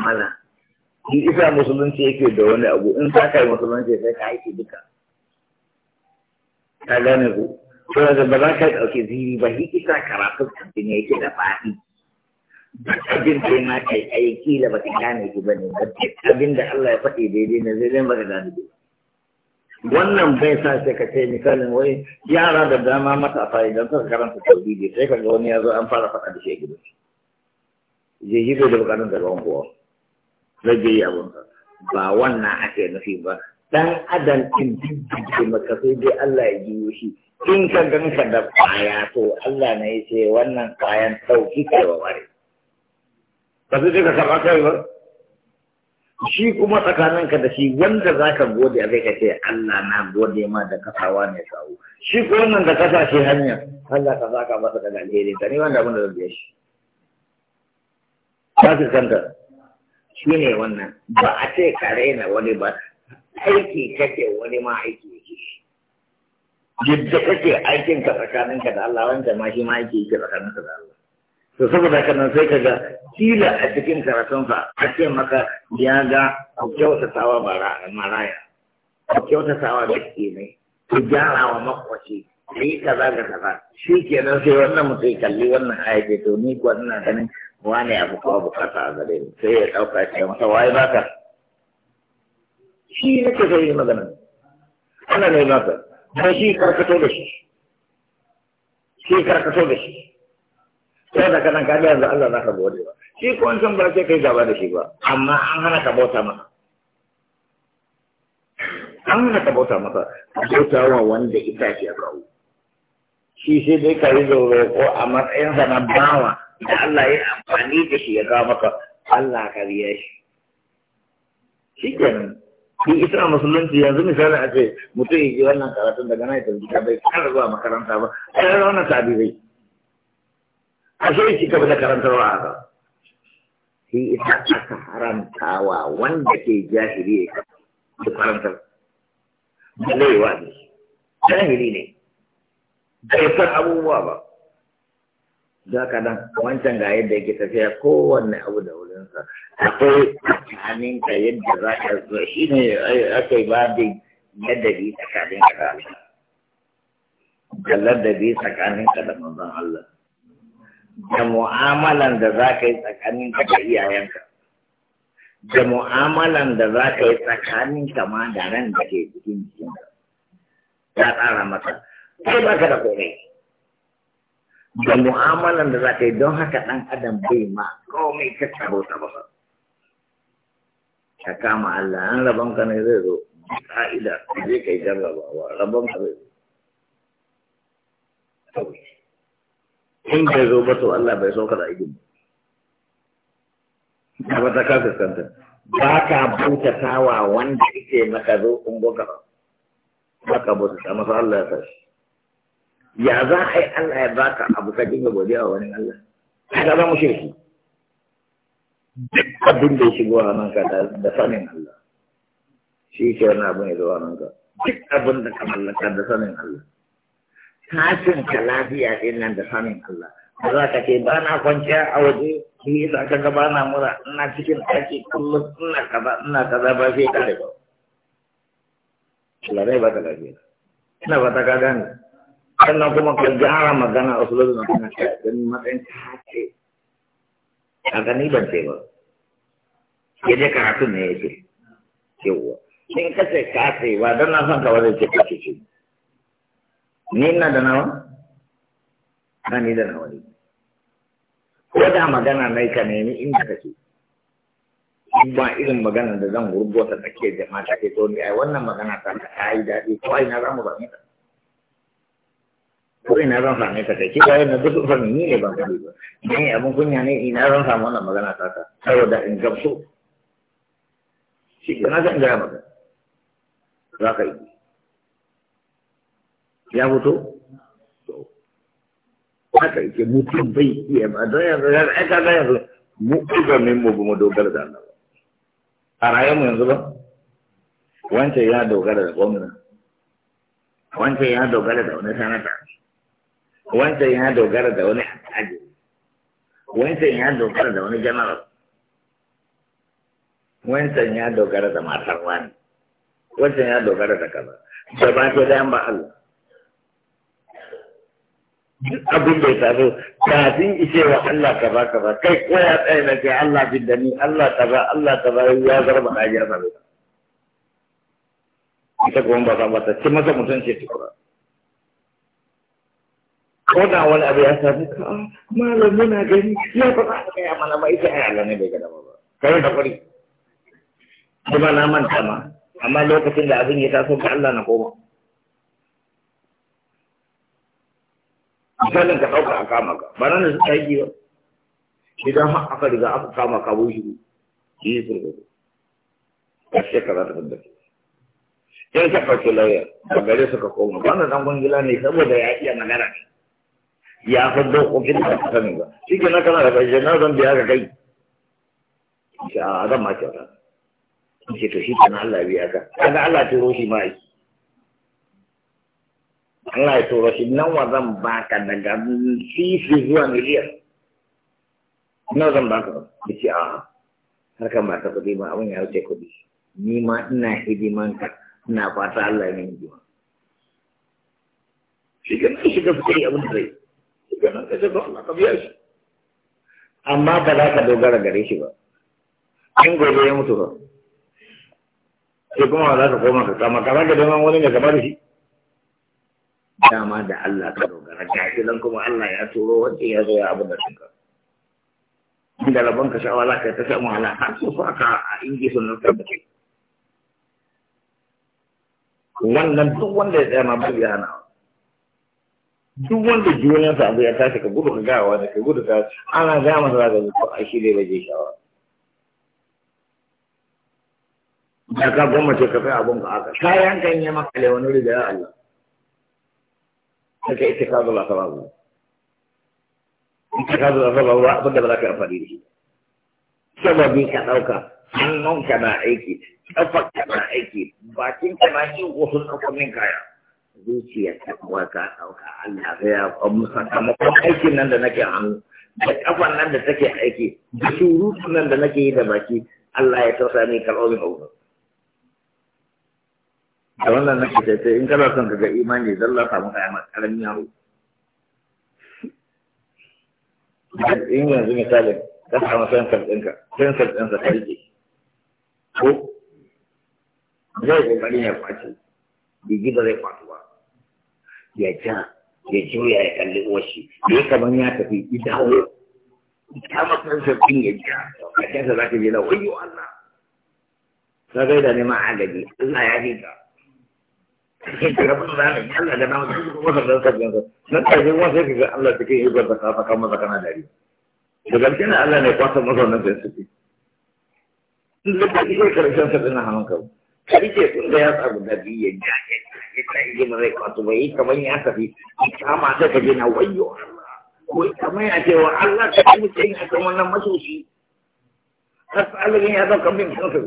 mana ki isa musulunci yake da wani abu in za ka musulunci sai ka aiki duka ka gane ku to da ba za ka dauke ziri ba shi isa karatu kan ne yake da faɗi abin da ya kai aiki da ba ka gane ki ba ne ba abin da Allah ya faɗi daidai ne zai zai maka gane ki wannan bai sa sai ka ce misalin wai yara da dama matasa idan suka karanta tauhidi sai ka ga wani ya zo an fara faɗa da shi gidan shi je da bukatun da ruwan kowa rage yi abin ba wannan ake nufi ba dan adam in jijjiji maka sai dai Allah ya jiyo shi in ka ganka da kwaya to Allah na ya ce wannan kwayan sauki kai wa ware ba sai dai ka karɓa kai ba shi kuma ka da shi wanda za ka gode a zai ka ce Allah na gode ma da kasawa ne sa'u. shi ko wannan da kasa shi hanya Allah ka ka masa daga alheri ka ne wanda abin da zai biya shi su kanta shi ne wannan ba a ce ka raina wani ba aiki kake wani ma aiki yake yadda kake aikin ka tsakanin ka da Allah wanda ma shi ma aiki yake tsakanin ka da Allah to saboda haka nan sai kaga. kila a cikin karatun sa a ce maka ya ga ku kyautatawa maraya ku kyautatawa ke ne ku gyara wa makwaci ku yi kaza da kaza shi kenan sai wannan mutum kalli wannan ayyace to ni kuwa ina ganin wani abu kawo bukata a gare ni sai ya ɗauka ce masa waye baka shi ne ke sai yi magana ana ne baka don shi karkato da shi shi karkato da shi sai da kanan kaji yanzu Allah za ka gode ba shi ko san ba sai kai gaba da shi ba amma an hana ka bauta masa an hana ka bauta masa bauta wa wanda ita ce ya kawo shi sai dai ka yi zaure ko a matsayin sa na bawa da Allah ya amfani da shi ya kawo maka Allah ka biya shi Shi nan, shi isa musulunci yanzu misali a ce mutum ya ji wannan karatun daga nan ita tafi bai kara zuwa makaranta ba a yi wannan tabi bai a shi ka bi da karantarwa a kan shi isa aka haramtawa wanda ke jahili ya karantar da laiwa ne jahili ne bai san abubuwa ba Za ka nan wancan ga yadda yake tafiya kowanne abu da wurinsa akwai tsakanin ka yadda za ka zo shi ne aka yi babin ladabi tsakanin ka da Allah da ladabi tsakanin ka da manzon Allah da mu'amalan da za ka yi tsakanin ka da iyayenka da mu'amalan da za ka yi tsakanin ka ma da ran da ke cikin jikinka ya tsara masa sai ba ka da komai da mu'amalan da za ka yi don haka ɗan adam bai ma komai ka taro ta ba ka kama Allah an rabon ka ne zai zo ka'ida zai kai jarrabawa rabon ka zai zo in bai zo ba to Allah bai so ka da igin ka ba ta kafin kanta ba ka tawa wanda yake maka zo kungo ka ba ba ka ta masa Allah ya tashi ya za a yi Allah ya baka abu ka dinga godiya wa wani Allah ka zama shirki. duk abin da ya shigo a ka da sanin Allah shi ke wani abin ya zo nan ka. duk abin da ka mallaka da sanin Allah kafin ka lafiya din nan da sanin Allah ba za ka ce ba na kwanciya a waje shi yasa ka ba na mura ina cikin ɗaki kullum ina kaza ina kaza ba sai ka da ba. Allah ba ka lafiya. Ina ba ta ka gane. sannan kuma ka gyara magana a sulhu na kana ta gani matsayin ta ce a gani ban ce ba ya je karatu ne ya ce cewa in ka ce ka ce ba don na son ka wajen ce ka ce ce ni na da nawa na ni da nawa ne ko da magana na ka nemi inda ka ce in ba irin magana da zan gurgota ke jama'a ta ke ni ai wannan magana ta ta yi daɗi ko ai na zamu ba ni ko ina zan same ka kai kika yana duk fanni ne ban sani ba ne abin kunya ne ina zan samu wannan magana ta ka saboda in gamsu shi kana zan gaya maka za ka yi ya ka haka yake mutum bai ya ba don yanzu ya aika da yanzu mu ugamin mu ba mu dogara da Allah a rayuwar mu yanzu ba wancan ya dogara da gwamna wancan ya dogara da wani sanata wancan ya dogara da wani aji wancan ya dogara da wani general wancan ya dogara da matar wani wancan ya dogara da kaza da ba ta da ba Allah duk abin da ya taso kafin ishe wa Allah ka ba ka ba kai ko ya tsaye na kai Allah bin da ni Allah ta ba Allah ta ba ya zarba ka ya zarba ita ko ba ta mata ce masa ce tukura ko wani abu ya sami ka ah, malam na gani ya ba a ka gaya mana ba ita ai Allah ne bai gada ba kai da kuri kuma na manta ma amma lokacin da abin ya taso ga Allah na koma misalin ka ɗauka a kama ka ba nan da suka yi ba idan aka riga aka kama ka bu shi yi kurkuku a shekara ta tabbata in ka ɗauki lauya ba gare suka koma ba na ɗan gwangila ne saboda ya iya magana ne ya fi dokokin da ka sani ba shi ke na kana da ƙarshe na zan biya ka kai shi a zan ma kyauta shi to shi ke na Allah biya ka kaga Allah turo shi ma yi Allah ya turo shi nan wa zan baka daga fifi zuwa miliyan na zan baka ba ce a harkar ba ta kuɗi ba abin ya wuce kuɗi ni ma ina hidiman ka ina fata Allah ya yi hidima shi ke na shiga fitar abin da zai kenan ka ce Allah ka biya shi amma ba za ka dogara gare shi ba in gobe ya mutu ba sai kuma za ka koma ka kama kama ga neman wani ne gaba da shi dama da Allah ka dogara ga shi dan kuma Allah ya turo wanda ya zo ya abu da shi inda rabon ka sha'awa za ka ta samu ala har su fa ka a inji sunan ka wannan duk wanda ya tsaya ma bai yana duk wanda sa abu ya tashi ka gudu ka gawa da ka gudu ka ana gama za ka ko a shi dai baje shawara da ka goma ce ka fi abin ka aka kayan kan yi maka da wani rida ya Allah kaka ita ka zo lafa babu ita ka zo lafa babu abin da ba za ka yi amfani da shi Sababin ka ɗauka hannunka na aiki ƙafarka na aiki bakinka na yin wasu ɗaukamin kaya zuciya ta kuwa ka ɗauka Allah zai ya kwamu sakamakon aikin nan da nake hannu da kafan nan da take aiki da surutu nan da nake yi da baki Allah ya tausa ni karɓar min aure. Da wannan nake ta in kana son ka ga imani zalla samu kaya masu ƙaramin yaro. in yanzu misalin ka samu sensor ɗinka sensor ɗinsa ka rike ko zai ni ya kwace bigi ba zai kwato ba ya ja ya juya ya kalli uwashi ya kamar ya tafi ya ta makarsa ya ja a kansa za ka je na wayo Allah ka zai da neman agaji Allah ya ji ka sai ka rabu da Allah da na duk wannan da ka ga nan na je wani sai ka Allah take yi ba da fa kama na dari daga cikin Allah ne kwasa masa wannan sai su ce lokacin da karshen sa din hannun karike sun da yasa guda biyu ya ja ya ya ta yi gina rai wato bai kamar ya tafi kama ta ka gina wayo ko kamar ya ce wa Allah ka yi mutum a kan wannan masoci har tsalibin ya zauka min kansu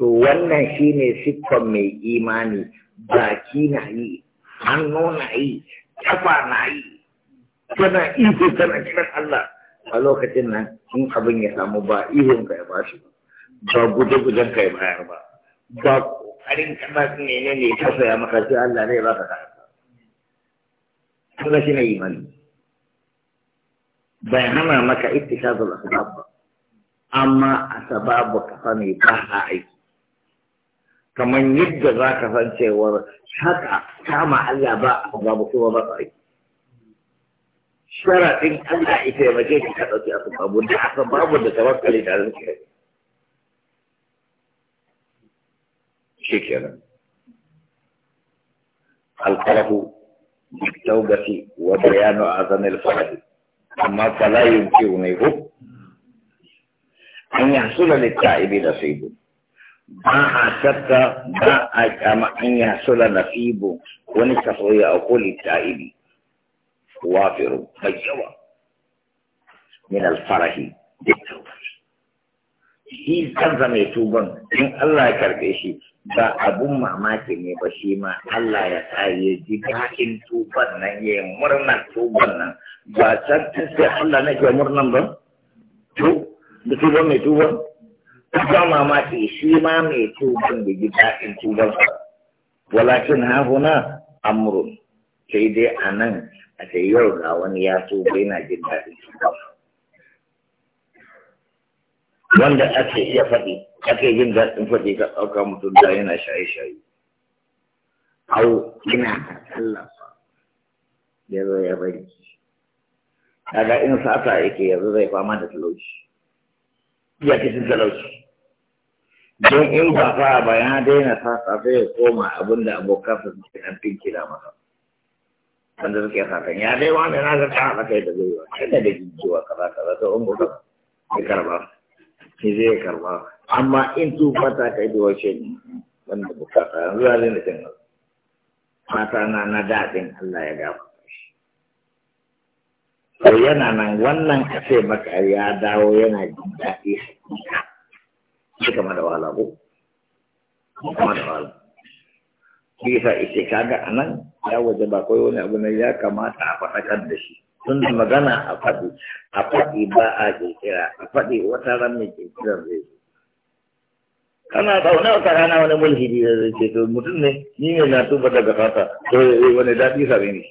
to wannan shine siffan mai imani baki na yi hannu na yi kafa na yi tana iko tana kiran Allah a lokacin nan in abin ya samu ba ihun ka ya shi ba ba guje-gujen kai bayar ba ba kokarin kana ne ne ta saya maka sai Allah ne ba ka kayan kuma shi ne imani bai hana maka ittikazul asbab ba amma asbabu ka sani ba a aiki kamar yadda za ka san cewar haka kama Allah ba a babu kuma ba ka aiki sharaɗin Allah ita ya mace ka ɗauki asbabu da asbabu da tawakkali da rinka شكرا القلب بالتوبة وبيان أذن الفرد أما فلا يمكنه أن يحصل للتائب نصيب ما أشبت ما أجأم أن يحصل نصيب ونستطيع أقول التائب وافر مجوى من الفرح بالتوبة shi kansa mai tuban in Allah ya karɓe shi ba abun mamaki ne ba shi ma Allah ya sa ya ji daɗin tuban nan ya yi murnar tuban nan ba can sai Allah na ke murnan ba to da tuban mai tuban ba mamaki shi ma mai tuban da ji daɗin tuban ba walakin ha huna amrun sai dai a nan a sai yau ga wani ya tuba yana jin daɗin tuban wanda ake iya faɗi ake jin daɗin faɗi ka ɗauka mutum da yana shaye-shaye au ina tallafa ya zo ya bari kaga in sata yake yanzu zai fama da talauci iya cin talauci don in ba fa ba ya daina sata sai ya koma abin da abokan su suke ɗan finkira masa wanda suke satan ya dai wani na ga ta haɗa kai da gwiwa kai da jijjiwa kaza kaza to in ba ka karba Ni zai ya karba amma in tufa ta kai da wace wanda bukata yanzu ya zai nufin mata na na daɗin Allah ya gafa shi to yana nan wannan a ce maka ya dawo yana jin daɗi hakika shi kama da wahala ko kama da wahala shi yasa ita kaga anan ya waje ba kawai wani abu ne ya kamata a faɗakar da shi tun da magana a faɗi a faɗi ba a kirkira a faɗi wata ran mai kirkirar zai zo kana zaune wata rana wani mulhidi da zai ce to mutum ne ni ne na tuba daga fata to wani daɗi sabe ne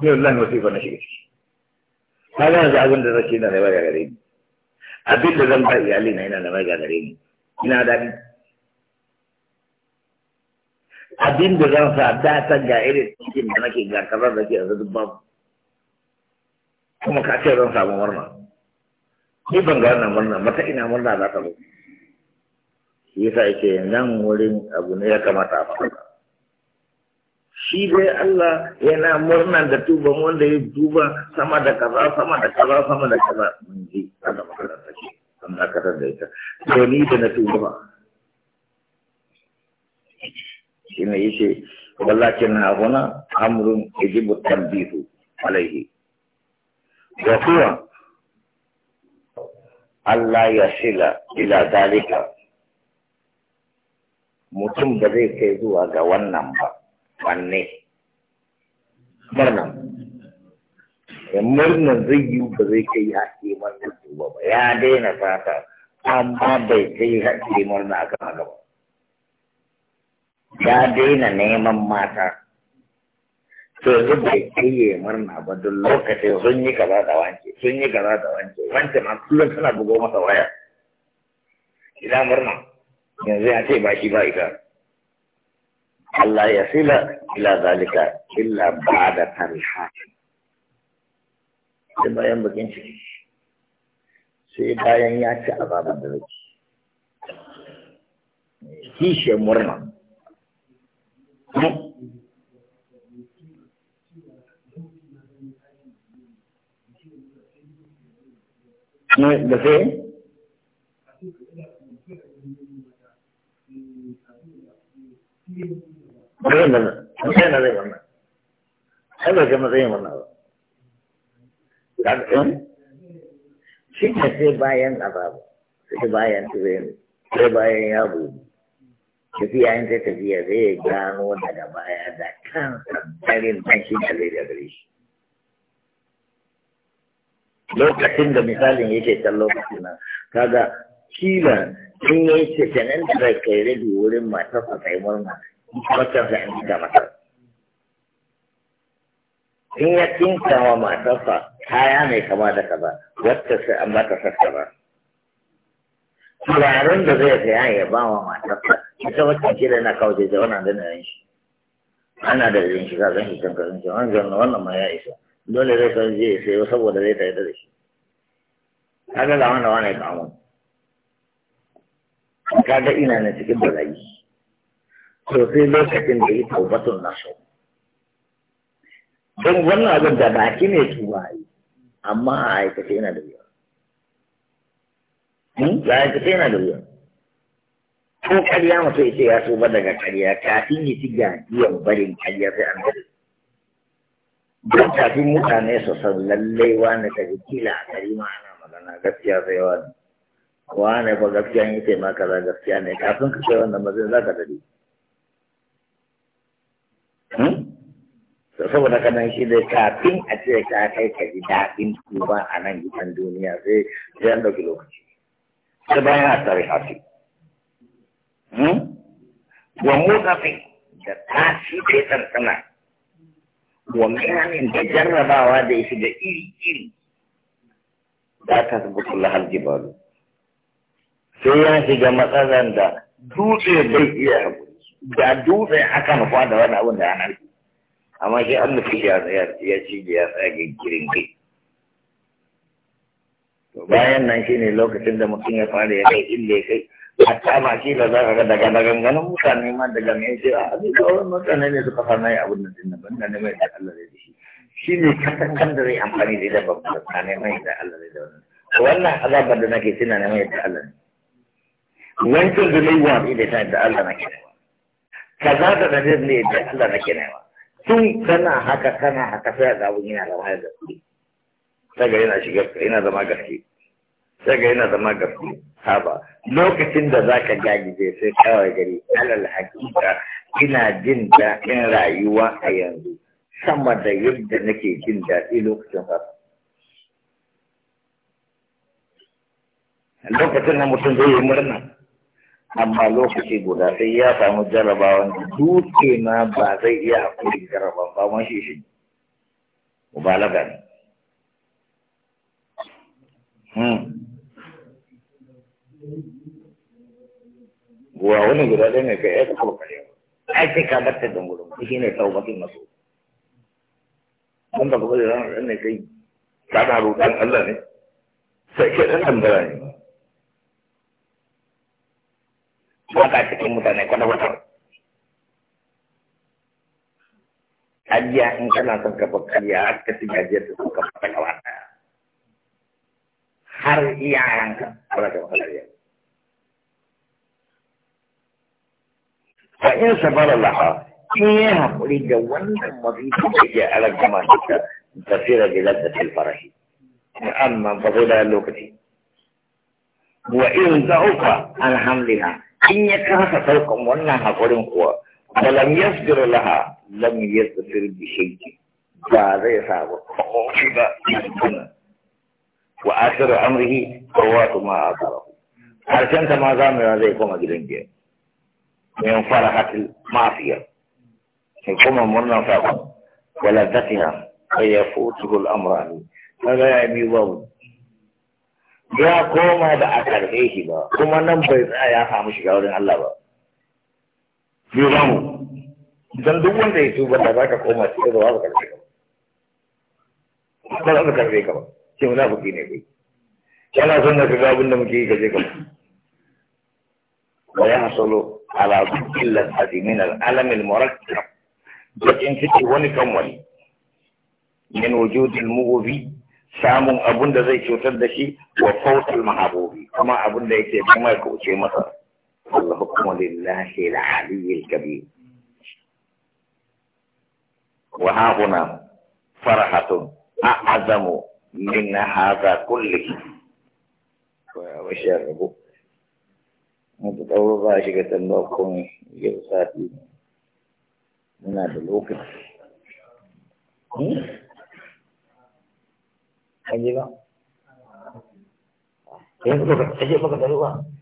ni wallahi wasifa na shiga ciki kaga yanzu abin da zai na nema gare ni abin da zan ba iyali na yana nema gare ni ina daɗi abin da zan sa da ta ga irin cikin da nake ga kazar da ke yanzu duk babu kuma ka ce zan samu murna ni ban ga wannan murna mata ina murna za ta zo shi yasa yake nan wurin abu ne ya kamata a faɗa shi dai Allah yana murna da tuban wanda ya duba sama da kaza sama da kaza sama da kaza mun ji ana makaranta ce an dakatar da ita to ni da na tuba ba shi ne yace wallakin na huna amrun ijibu tanbihu alaihi وهو ألا يصل إلى ذلك mutum da zai kai zuwa ga wannan ba wanne murnan ya murnan zai yi ba zai kai ya ke murnan zuwa ba ya daina fata amma bai kai ya ke murna akan haka ba ya daina neman mata to yanzu bai ya murna ba don lokacin sun yi kaza da wanke sun yi kaza da wanke wanke ma kullum tana bugo masa waya ina murna yanzu ya ce ba shi ba ita Allah ya sila ila zalika illa ba ba'da tarihat sai bayan bakin ciki sai bayan ya ci azabar da zaki kishiyar murna da sai Bayan da nan, na zai wannan. Sai ba ga matsayin bayan azabu, sai bayan turin, ya buɗe. ta tafiya zai gano daga baya da kansa darin dan shi da zai da shi. lokacin da misalin yake can lokacin nan kaga kila in ce canin da zai kai rabi wurin matar sa kai murna matar sa in ta matar in ya kinka wa matar fa kaya mai kama da kaza wacce sai an ba ta sassa ba turaren da zai saya ya ba wa matar fa ita wacce da na kawo da wannan da na ana da yanki shi ka zan yi tankarin ka zan shi wannan ma ya isa dole zai kan je sayo saboda zai tare da shi kaga ga wanda wani kamo kaga ina na cikin bala'i to sai lokacin da yi taubatun nasu don wannan abin da baki ne tuba yi amma a aikace yana da wuya ya hmm? aikace yana da wuya ko karya mutum ya ce ya tuba daga karya kafin yi ci gajiyar barin karya sai an gari don kafin mutane su san lallai wani ta kila a kari ma ana magana gaskiya sai wani wani ba gaskiya ne ce ma kaza gaskiya ne kafin ka kai wannan mazin za ka dade hmm? saboda kanan shi da kafin a ce ka kai ka ji daɗin tuba a nan gidan duniya sai sai an ɗauki lokaci sai bayan a tsare hafi hmm? wa motsa da tashi ke tsantsana wannan da jarrabawa da shi da iri-iri Da ta zubuta lahar jibalu sai ya shiga matsalar da dutse bai iya hagu da dutse aka nufa da wani abu da yanar amma shi an nufi ya ci ya tsage girin kai bayan nan shi ne lokacin da mutum ya fara ya kai inda ya kai a kama shi da ka ga daga maganganun mutane ma daga mai ce a abin kawai mutane ne suka fara yi abin da dinna ban da ne mai da Allah zai da shi shi ne katangan da zai amfani da ita babban da ne mai da Allah zai da wannan wannan azabar da nake tuna ne mai da Allah ne wancan da nayi wani da ta da Allah nake ne kaza da da ne da Allah nake ne tun kana haka kana haka sai ga abin yana da wani da daga yana shiga yana zama gaske sai ga yana zama gaske haba lokacin da za ka gagije sai kawai gari alal hakika ina jin daɗin rayuwa a yanzu sama da yadda nake jin daɗi lokacin fara. lokacin na mutum zai yi murna amma lokaci guda sai ya samu da duke ma ba zai iya hakuri jarabawan ba man shi shi mubalaga ne Buwa wani guda ɗaya ne ka yi ta Ai sai ka bar ta dangulun shi ne taubatin masu. Wanda kuma da ranar ne kai ka na roƙon Allah ne. Sai ke ɗan tambara ne. Ba ka cikin mutane kwata-kwata. Ajiya in kana son ka karya har ka ci gajiyar da suka fata gaba هر يان فإن سبر الله إيه مريد وانت مريد إجاء لك ما شكا تصير الفرح أما فضيلة اللوكتي وإن ضعف عن حملها إن يكاس تلكم وانها فرم هو فلم يصبر لها لم يصبر بشيء هذا يصاب wa asiru amrihi kawatu ma asarahu harshen ta ma zamewa zai koma gidan giya min farahatil mafiya sai kuma murnan sakon wa ladzatiha kai ya futuhul amrani kaga ya biyu babu ya koma da a karfe shi ba kuma nan bai tsaya ya samu shiga wurin Allah ba biyu babu dan duk wanda ya tuba da zaka koma cikin da ba ka karfe ka ba ba za ka karfe ka ba shi munafiki ne kai kana son ka ga abin da muke yi ka je ka wa ala dhillil hadimin al-alam al-murakkab bakin ciki wani kan wani min wujudil mughbi samun abun da zai cutar da shi wa fawtul mahabubi kuma abun da yake kuma ka wuce masa الحكم لله العلي الكبير وها هنا a أعظم min hada kulli wa sharabu mutu ba shi ga tambar komai yau sati muna da lokaci hmm? an yi ba? Eh, Aje